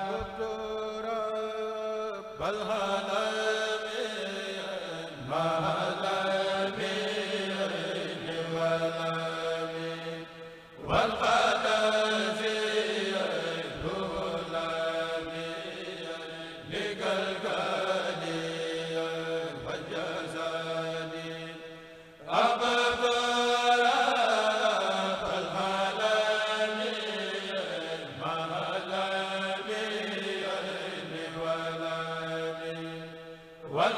Uh, bal wal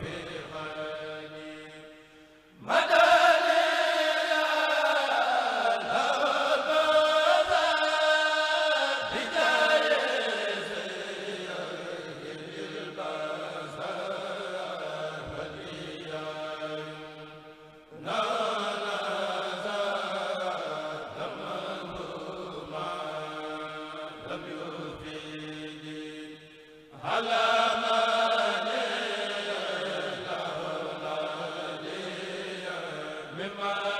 Amin mimma